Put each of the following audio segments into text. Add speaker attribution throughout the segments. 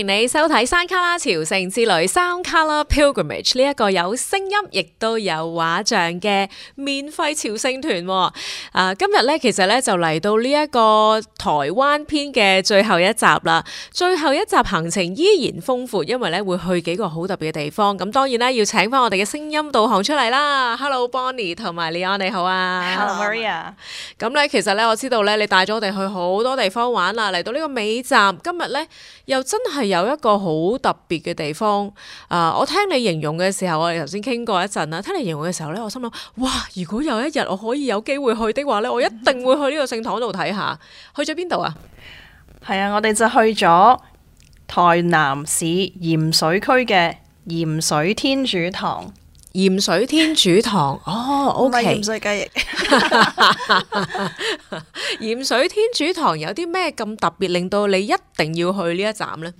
Speaker 1: 歡迎你收睇《山卡拉朝聖之旅山卡拉 Pilgrimage） 呢一個有聲音亦都有畫像嘅免費朝聖團。啊，今日咧其實咧就嚟到呢一個台灣篇嘅最後一集啦。最後一集行程依然豐富，因為咧會去幾個好特別嘅地方。咁、啊、當然啦，要請翻我哋嘅聲音導航出嚟啦。Hello，Bonny 同埋 Leeon，你好啊。Hello，Maria、啊。咁咧其實咧我知道咧你帶咗我哋去好多地方玩啦。嚟到呢個尾集，今日咧又真係～有一個好特別嘅地方啊，呃，我聽你形容嘅時候，我哋頭先傾過一陣啦。聽你形容嘅時候咧，我心諗：哇！如果有一日我可以有機會去的話呢，我一定會去呢個聖堂度睇下。去咗邊度
Speaker 2: 啊？係啊，我哋就去咗台南市鹽水區嘅鹽水天主堂。鹽水天主堂哦，O K。唔係鹽水雞翼。鹽水天
Speaker 1: 主堂有啲
Speaker 2: 咩咁特別，令到你一定要去呢一站呢？」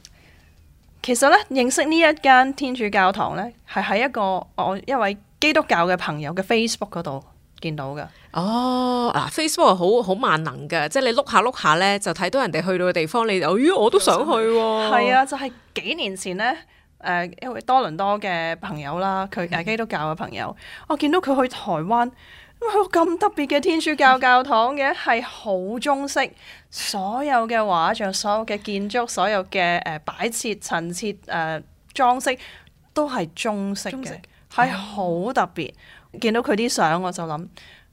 Speaker 2: 其實咧，認識呢一間天主教堂咧，係喺一個我一位基督教嘅朋友嘅 Facebook 嗰度見到㗎。哦，嗱，Facebook 係好好
Speaker 1: 萬能㗎，即係你碌下碌下咧，就睇到人哋去到嘅地方，你就哎呀，我都想去喎、哦。係啊，就
Speaker 2: 係、是、幾年前咧，誒、呃，一位多倫多嘅朋友啦，佢係基督教嘅朋友，嗯、我見到佢去台灣。咁特別嘅天主教教堂嘅，係好 中式，所有嘅畫像、所有嘅建築、所有嘅誒擺設、陳設誒、呃、裝飾都係中式嘅，係好式特別。 見到佢啲相，我就諗。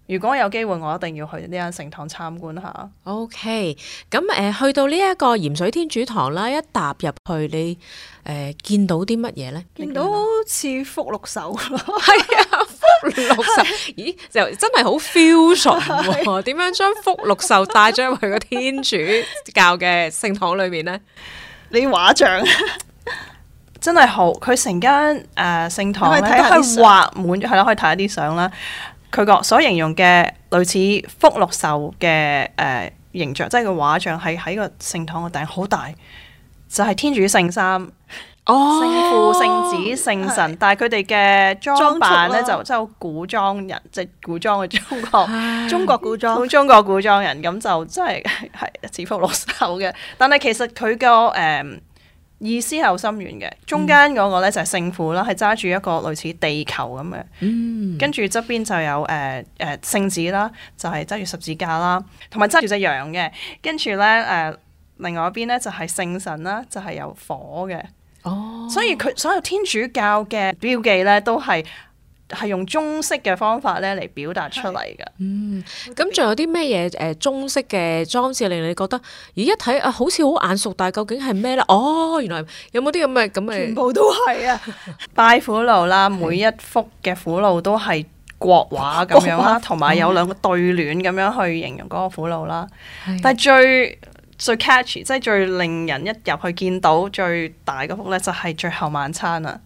Speaker 2: 如果我有機會，我一定要去呢間聖堂參觀下。O K，
Speaker 1: 咁誒去到呢一個鹽水天主堂啦，一踏入去你誒見到啲乜嘢咧？
Speaker 2: 見到好似福祿壽咯，係 啊，福
Speaker 1: 祿壽，咦，就真係好 fusion 喎、啊！點、 啊、樣將福祿壽帶咗去個天主教嘅聖堂裏面咧？
Speaker 2: 你畫像真係好，佢成間誒、呃、聖堂咧都係畫滿，係咯，可以睇一啲相啦。佢個所形容嘅類似福祿壽嘅誒形象，即係個畫像係喺個聖堂個頂好大，就係、是、天主聖三，哦，聖父聖子聖神，的但係佢哋嘅裝扮咧就即係古裝人，即、就、係、是、古裝嘅中國的中國古裝，古中國古裝人咁就真係係似福祿壽嘅，但係其實佢個誒。呃意思係好深遠嘅，中間嗰個咧就係聖父啦，係揸住一個類似地球咁嘅，嗯、跟住側邊就有誒誒、呃、聖子啦，就係揸住十字架啦，同埋揸住隻羊嘅，跟住咧誒另外一邊咧就係聖神啦，就係、是、有火嘅，哦，所以佢所有天主教嘅標記咧都係。係用中式嘅方法咧嚟表達出嚟㗎。嗯，
Speaker 1: 咁仲有啲咩嘢？誒、呃，中式嘅裝置令你覺得咦，一睇啊，好似好眼熟，但係究竟係咩咧？哦，原來有冇啲咁嘅咁嘅？全部都係啊！
Speaker 2: 拜苦路啦，的每一幅嘅苦路都係國畫咁樣啦，同埋話有兩個對聯咁樣去形容嗰個苦路啦。的但係最最 catchy 即係最令人一入去見到最大嗰幅咧，就係、是《最後晚餐》啊！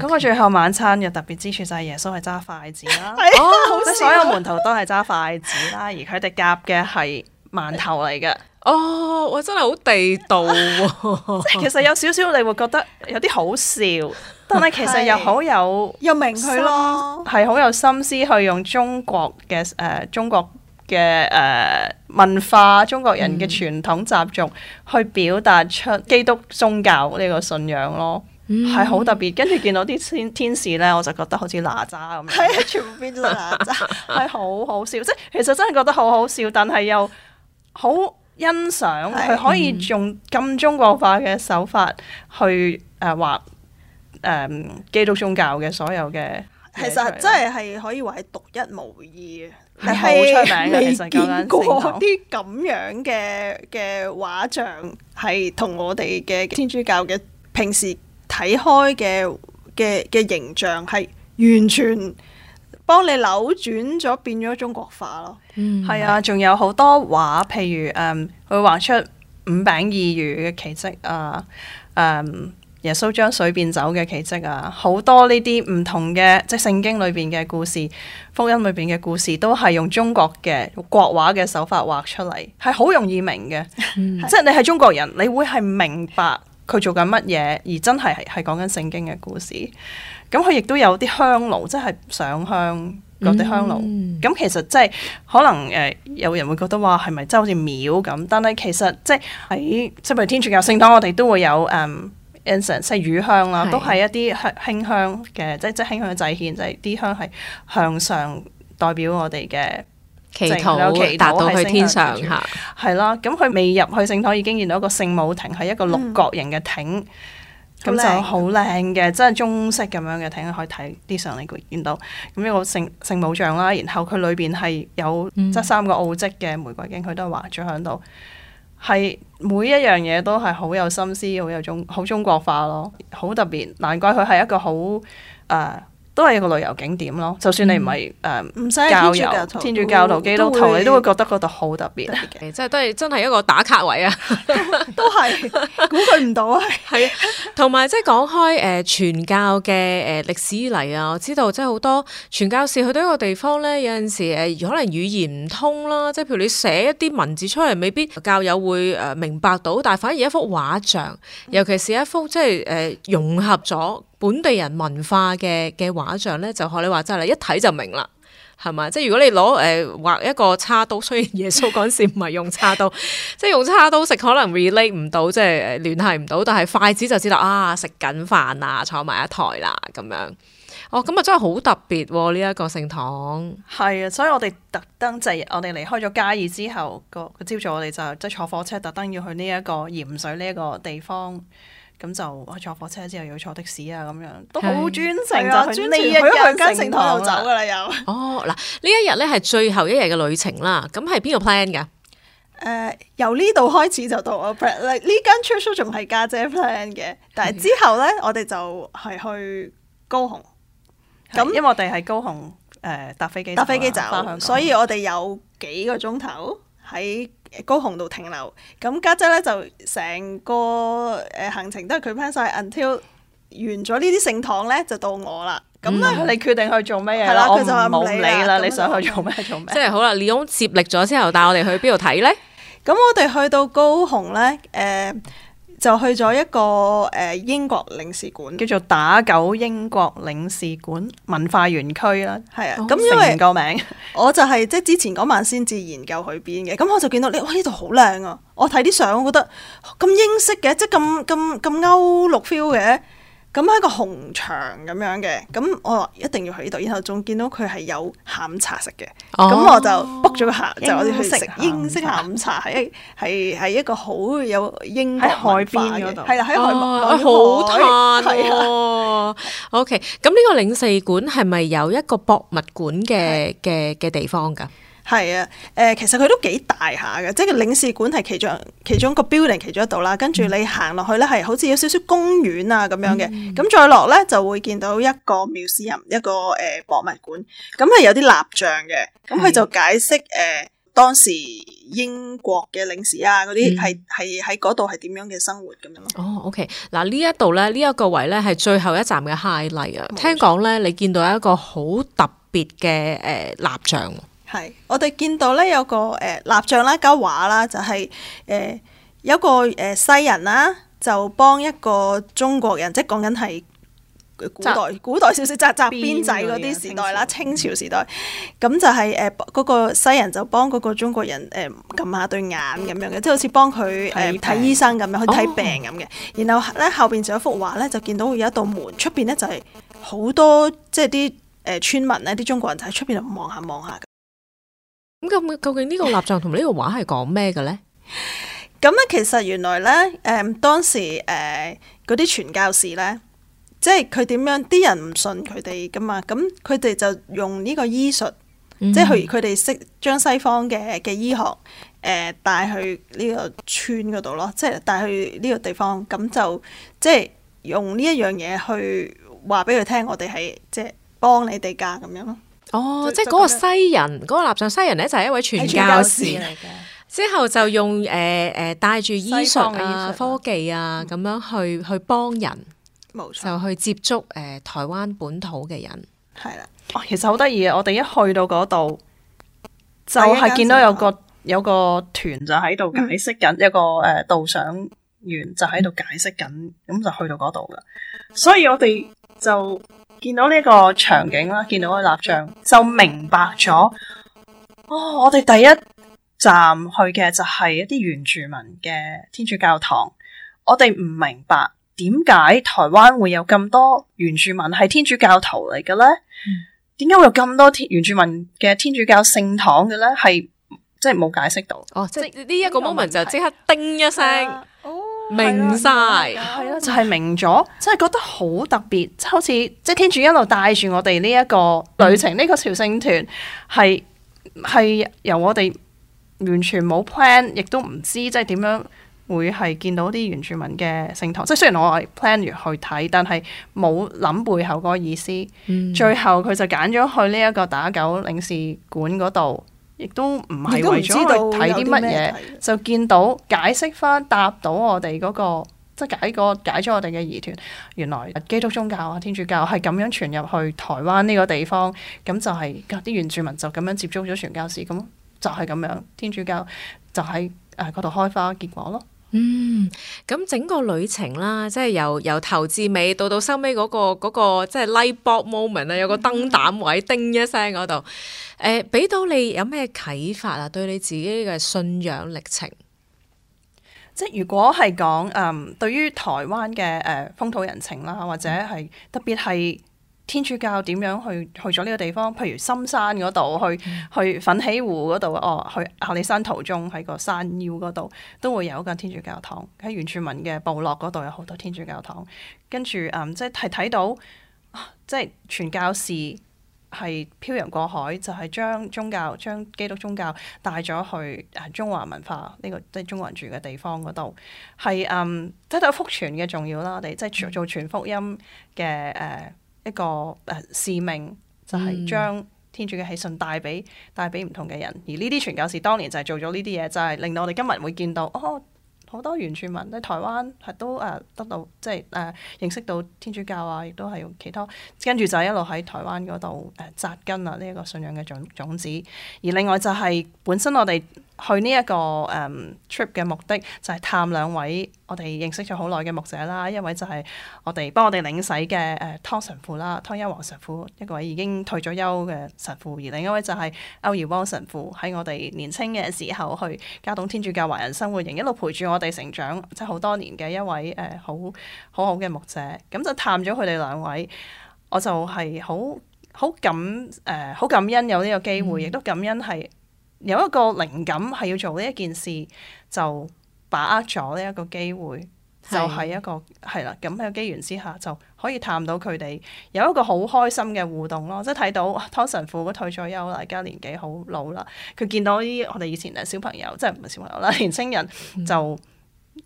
Speaker 2: 咁佢最後晚餐嘅特別之處就係耶穌係揸筷子啦，即係所有門徒都係揸筷子啦、啊，而佢哋夾嘅係饅頭嚟嘅。哦， oh, 我真係好地道喎、啊！即 係 其實有少少你會覺得有啲好笑，但係其實又好有 又明佢咯，係好 有心思去用中國嘅誒、呃、中國嘅誒、呃、文化、中國人嘅傳統習俗、嗯、去表達出基督宗教呢個信仰咯。係好、mm hmm，特別，跟住見到啲天天使咧，我就覺得好似哪吒咁樣，係 全部變咗哪吒，係好 好笑。即係其實真係覺得好好笑，但係又好欣賞佢是可以用咁中國化嘅手法去誒、呃、畫誒、呃、基督宗教嘅所有嘅。其實真係係可以話係獨一無二嘅，係好出名嘅，未你是 見過啲咁樣嘅嘅畫像，係同我哋嘅天主教嘅平時。睇開嘅嘅嘅形象係完全幫你扭轉咗，變咗中國化咯。係、嗯、啊，仲有好多畫，譬如誒、嗯，會畫出五餅二魚嘅奇蹟啊、嗯，耶穌將水變酒嘅奇蹟啊，好多呢啲唔同嘅即係聖經裏邊嘅故事、福音裏邊嘅故事，都係用中國嘅國畫嘅手法畫出嚟，係好容易明嘅，嗯、是即係你係中國人，你會係明白。佢做緊乜嘢？而真係係講緊聖經嘅故事。咁佢亦都有啲香爐，即係上香落啲香爐。咁，嗯，其實即係可能誒，有人會覺得話係咪真係好似廟咁？但係其實即係喺即譬如天主教聖堂，我哋都會有 incense 誒，即係乳香啦，都係一啲香馨香嘅，即係即係馨香嘅祭獻，就係啲香係向上代表我哋嘅。祈禱、嗯，達到去天上，係啦。咁佢未入去聖堂，已經見到一個聖母亭，係一個六角形嘅亭，咁、嗯、就好靚嘅，即係、嗯、中式咁樣嘅亭可以睇啲相，你見到。咁一個聖聖母像啦，然後佢裏邊係有即、嗯、三個奧跡嘅玫瑰經，佢都係畫咗喺度，係每一樣嘢都係好有心思，好有中好中國化咯，好特別。難怪佢係一個好誒。呃都係一個旅遊景點咯，就算你唔係誒教友育、天主教徒、會基督徒，都會你都會覺得嗰度好特別、欸，
Speaker 1: 即係都係真係一個打卡位啊 都！都係估佢唔到啊！係啊，同埋即係講開誒傳、呃、教嘅誒歷史嚟啊！我知道即係好多傳教士去到一個地方咧，有陣時誒可能語言唔通啦，即係譬如你寫一啲文字出嚟，未必教友會誒明白到，但係反而一幅畫像，尤其是一幅， 是一幅即係誒融合咗。本地人文化嘅嘅畫像咧，就學你話齋啦，一睇就明啦，係咪？即係如果你攞誒、呃、畫一個叉刀，雖然耶穌嗰陣時唔係用叉刀， 即係用叉刀食，可能 relate 唔到，即係聯繫唔到，但係筷子就知道啊，食緊飯啊，坐埋一台啦，咁樣。
Speaker 2: 哦，咁啊真係好特別喎、啊！呢、這、一個聖堂係啊，所以我哋特登就係我哋離開咗嘉義之後、那個朝早我，我哋就即、是、係坐火車特登要去呢一個鹽水呢一個地方。咁就坐火車之後要坐的士啊，咁樣都好專程、啊，就佢另、啊、一間聖堂度走噶啦，又。
Speaker 1: 哦，嗱，呢一日咧係最後一日嘅旅程啦。咁係邊個 plan 嘅？誒、
Speaker 2: 呃，由呢度開始就到我 plan 啦。呢間住宿仲係家姐 plan 嘅，但係之後咧，是我哋就係去高雄。咁、嗯，因為我哋係高雄誒搭飛機，搭飛機走，機走所以我哋有幾個鐘頭喺高雄度停留，咁家姐咧就成個誒、呃、行程都係佢 plan 晒 until 完咗呢啲聖堂咧就到我啦。咁啊、嗯，呢你決定去做咩嘢啦？我唔不理啦，理你想去做咩？做咩？即係好啦，Leeon 接力咗之後，帶我哋去邊度睇咧？咁 我哋去到高雄咧，誒、呃。 就去咗一個誒、呃、英國領事館，叫做打狗英國領事館文化園區啦，係啊，咁、哦、因為個名，我就係即係之前嗰晚先至研究去邊嘅，咁我就見到咧，哇呢度好靚啊！我睇啲相，我覺得咁英式嘅，即係咁咁咁歐陸 feel 嘅。咁喺個紅牆咁樣嘅，咁我一定要去呢度。然後仲見到佢係有下午茶食嘅，咁我就 book 咗個下午，就我哋去食英式下午茶，係一係係一個好有英國文化嘅，係啦喺海，哇、啊，好嘆喎、啊。
Speaker 1: OK，咁呢個領事館係咪有一個博物館嘅嘅嘅地方噶？
Speaker 2: 係啊，誒其實佢都幾大下嘅，即係領事館係其中其中一個 building 其中一度啦。跟住你行落去咧，係好似有少少公園啊咁樣嘅。咁再落咧就會見到一個 museum，一個誒博物館，咁係有啲蠟像嘅。咁佢就解釋誒當時英國嘅領事啊嗰啲係係喺嗰度係點樣嘅生活咁樣
Speaker 1: 囉。哦，OK，嗱呢一度咧呢一個位咧係最後一站嘅 highlight 啊。聽講咧你見到一個好特別嘅誒蠟像。
Speaker 2: 係，我哋見到咧有個誒蠟像啦，加畫啦，就係誒有個誒西人啦，就幫一個中國人，即係講緊係古代古代少少紮紮辮仔嗰啲時代啦，清朝時代咁就係誒嗰個西人就幫嗰個中國人誒撳下對眼咁樣嘅，即係好似幫佢誒睇醫生咁樣去睇病咁嘅。然後咧後邊就有幅畫咧，就見到有一道門出邊咧，就係好多即係啲誒村民咧，啲中國人就喺出邊度望下望下。咁究竟個立個呢個蠟像
Speaker 1: 同呢個畫係講咩嘅咧？
Speaker 2: 咁啊，其實原來咧，誒，當時誒嗰啲傳教士咧，即係佢點樣啲人唔信佢哋噶嘛？咁佢哋就用呢個醫術、嗯哼，即係佢佢哋識將西方嘅嘅醫學誒帶去呢個村嗰度咯，即係帶去呢個地方，咁就即係用呢一樣嘢去話俾佢聽，我哋係即係幫你哋噶咁樣咯。哦，就即係嗰個西
Speaker 1: 人，嗰就個蠟像西人咧就係一位傳教士，教士之後就用誒誒帶住醫術啊、術啊科技啊咁、嗯、樣去去幫人，冇錯錯，就
Speaker 2: 去接觸誒、呃、台灣本土嘅人，係啦的、哦。其實好得意啊！我哋一去到嗰度，對就係見到有個有個團就喺度解釋緊，嗯、一個誒導賞員就喺度解釋緊，咁就去到嗰度噶。所以我哋就，就。見到呢個場景啦，見到個蠟像就明白咗。哦，我哋第一站去嘅就係一啲原住民嘅天主教堂。我哋唔明白點解台灣會有咁多原住民係天主教徒嚟嘅呢？點解、嗯、會有咁多天原住民嘅天主教聖堂嘅呢？係即係冇解釋到。哦，即係
Speaker 1: 呢一個 moment 就即刻叮一聲。啊
Speaker 2: 明晒，係咯，就係明咗， 真係覺得好特別，即係好似即係天主一路帶住我哋呢一個旅程，呢、嗯、個朝聖團係係由我哋完全冇 plan，亦都唔知即係點樣會係見到啲原住民嘅聖堂。即係雖然我係 plan 完去睇，但係冇諗背後嗰意思。嗯、最後佢就揀咗去呢一個打狗領事館嗰度。亦都唔係為咗睇啲乜嘢，就見到解釋翻，答到我哋嗰、那個，即係解解咗我哋嘅疑團。原來基督宗教啊，天主教係咁樣傳入去台灣呢個地方，咁就係、是、啲原住民就咁樣接觸咗傳教士，咁就係咁樣，天主教就喺誒嗰度開花結果咯。嗯，咁整個旅程啦，即係由由頭至尾，到到
Speaker 1: 收尾嗰個嗰、那個即係 lightbulb moment 啊，有個燈膽位叮一聲嗰度，
Speaker 2: 誒、呃，俾到你有咩啟發啊？對你自己嘅信仰歷程，即係如果係講誒，對於台灣嘅誒、呃、風土人情啦，或者係特別係。天主教點樣去去咗呢個地方？譬如深山嗰度，去去奮起湖嗰度，哦，去阿里山途中喺個山腰嗰度都會有一間天主教堂。喺原住民嘅部落嗰度有好多天主教堂。跟住、嗯、即係睇到、啊、即係傳教士係漂洋過海，就係、是、將宗教、將基督宗教帶咗去誒中華文化呢、這個即係中華人住嘅地方嗰度，係嗯得到福傳嘅重要啦。我哋即係做傳福音嘅誒。呃嗯一個誒、呃、使命就係、是、將天主嘅喜訊帶俾帶俾唔同嘅人，而呢啲傳教士當年就係做咗呢啲嘢，就係、是、令到我哋今日會見到哦。好多原住民喺台灣係都誒得到即係誒、啊、認識到天主教啊，亦都係用其他跟住就一路喺台灣嗰度誒扎根啊呢一個信仰嘅種種子。而另外就係本身我哋去呢、這、一個誒 trip 嘅目的就係探兩位我哋認識咗好耐嘅牧者啦，一位就係我哋幫我哋領洗嘅誒湯神父啦，湯一王神父一位已經退咗休嘅神父，而另一位就係歐爾邦神父喺我哋年青嘅時候去加懂天主教華人生活營一路陪住我。地成長即係好多年嘅一位誒、呃、好，好好好嘅牧者，咁就探咗佢哋兩位，我就係好好感誒好、呃、感恩有呢個機會，亦、嗯、都感恩係有一個靈感係要做呢一件事，就把握咗呢一個機會，就係一個係啦。咁喺是機緣之下就可以探到佢哋有一個好開心嘅互動咯，即係睇到、啊、湯神父都退咗休啦，而家年紀好老啦，佢見到啲我哋以前嘅小朋友，即係唔係小朋友啦，年青人、嗯、就～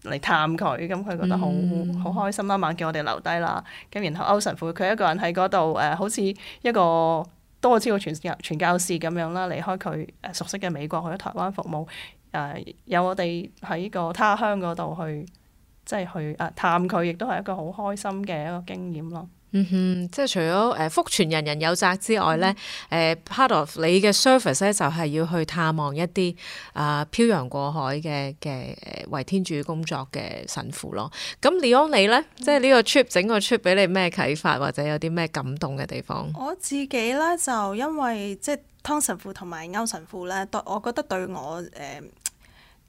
Speaker 2: 嚟探佢，咁佢覺得好好、嗯、開心啦，猛叫我哋留低啦。咁然後歐神父佢一個人喺嗰度，誒、呃、好似一個多超道傳教傳教士咁樣啦，離開佢誒熟悉嘅美國去咗台灣服務。誒、呃、有我哋喺個他鄉嗰度去，即係去啊、呃、探佢，亦都係一個好開心嘅一個經驗咯。
Speaker 1: 嗯哼，即係除咗誒福傳人人有責之外咧，誒、嗯、part of 你嘅 service 咧就係要去探望一啲啊漂洋過海嘅嘅誒為天主工作嘅神父咯。咁 Leeon 你咧，嗯、即係呢個 trip 整個 trip 俾你咩啟發或者有啲咩感動嘅地方？
Speaker 2: 我自己咧就因為即係湯神父同埋歐神父咧，對我覺得對我誒誒、呃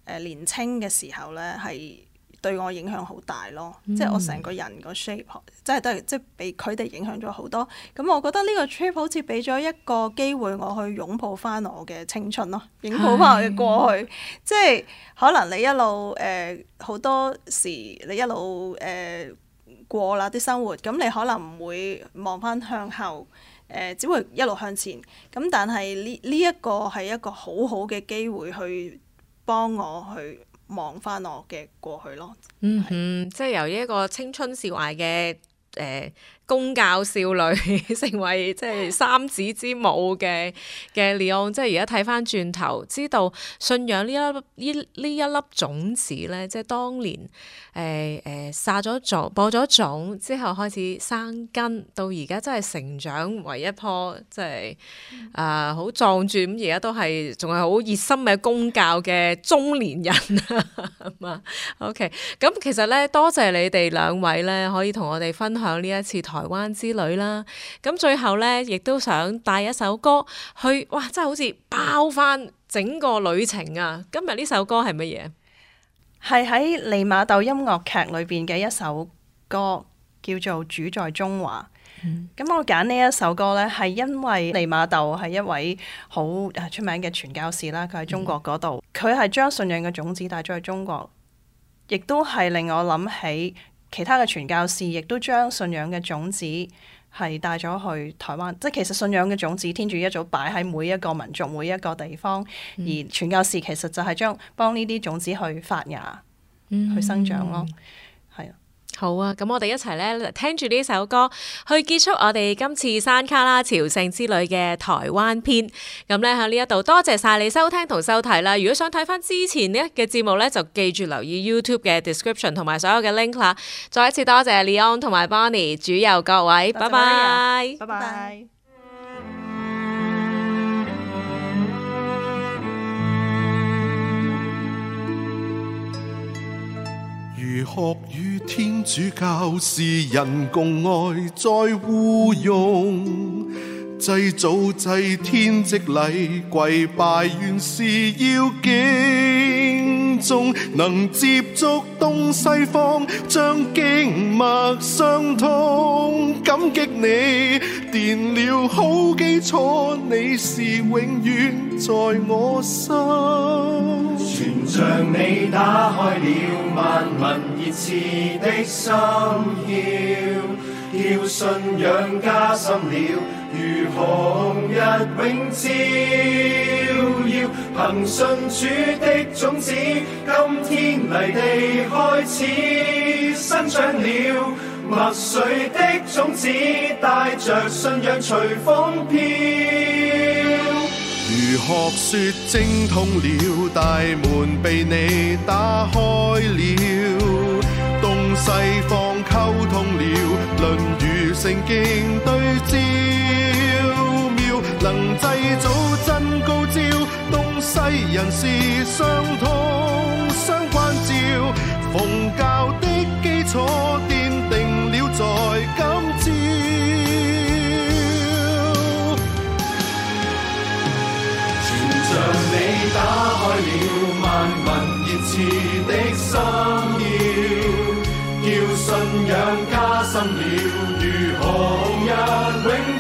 Speaker 2: 呃、年青嘅時候咧係。對我影響好大咯、嗯，即係我成個人個 shape，即係都係即係俾佢哋影響咗好多。咁我覺得呢個 trip 好似俾咗一個機會我去擁抱翻我嘅青春咯，擁抱翻我嘅過去。的即係可能你一路誒好、呃、多時，你一路誒、呃、過啦啲生活，咁你可能唔會望翻向後，誒、呃、只會一路向前。咁但係呢呢一個係一個好好嘅機會去幫我去，望翻我嘅過去咯，嗯
Speaker 1: 哼，是即係由一個青春少艾嘅誒、呃公教少女 成為即係三子之母嘅嘅， Leeon 即係而家睇翻轉頭，知道信仰呢一粒呢呢一粒種子咧，即係當年誒誒撒咗種播咗種之後開始生根，到而家真係成長為一棵即係誒好壯著咁，而家都係仲係好熱心嘅公教嘅中年人啊嘛。 OK，咁其實咧，多謝你哋兩位咧，可以同我哋分享呢一次。台灣之旅啦，咁最後咧，亦都想帶一首歌去，哇！真係好似爆翻，整個旅程啊！今日呢首歌係
Speaker 2: 乜嘢？係喺利瑪竇音樂劇裏邊嘅一首歌，叫做《主在中華》。咁、嗯、我揀呢一首歌咧，係因為利瑪竇係一位好出名嘅傳教士啦，佢喺中國嗰度，佢係將信仰嘅種子帶咗去中國，亦都係令我諗起。其他嘅傳教士亦都將信仰嘅種子係帶咗去台灣，即係其實信仰嘅種子天主一早擺喺每一個民族，每一個地方，而傳教士其實就係將幫呢啲種子去發芽，去生長咯。好啊，咁我哋一齊咧聽住呢首
Speaker 1: 歌，去結束我哋今次山卡啦朝聖之旅嘅台灣篇。咁咧喺呢一度多謝晒你收聽同收睇啦。如果想睇翻之前咧嘅節目咧，就記住留意 YouTube 嘅 description 同埋所有嘅 link 啦。再一次多謝 Leeon 同埋 Bonny，主祐各位，拜拜，拜拜。如何？天主教是人共愛在互用，祭祖祭天即禮跪拜，原是要敬重。能接觸東西方，將經脈相通。感激你奠了好基礎，你是永遠在我心。全像你打開了萬民熱熾的心竅，叫信仰加深了，如紅日永照耀。憑信主的種子，今天泥地開始生長了，麥穗的種子帶着信仰隨風飄。學說精通了，大門被你打開了，東西方溝通了，論語聖經對照，妙能製造真高招，東西人士相通相關照，奉教的基礎。
Speaker 2: 開了萬民熱熾的
Speaker 1: 心竅，叫信仰加深了，如何紅日永。